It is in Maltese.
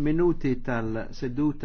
minuti tal-seduta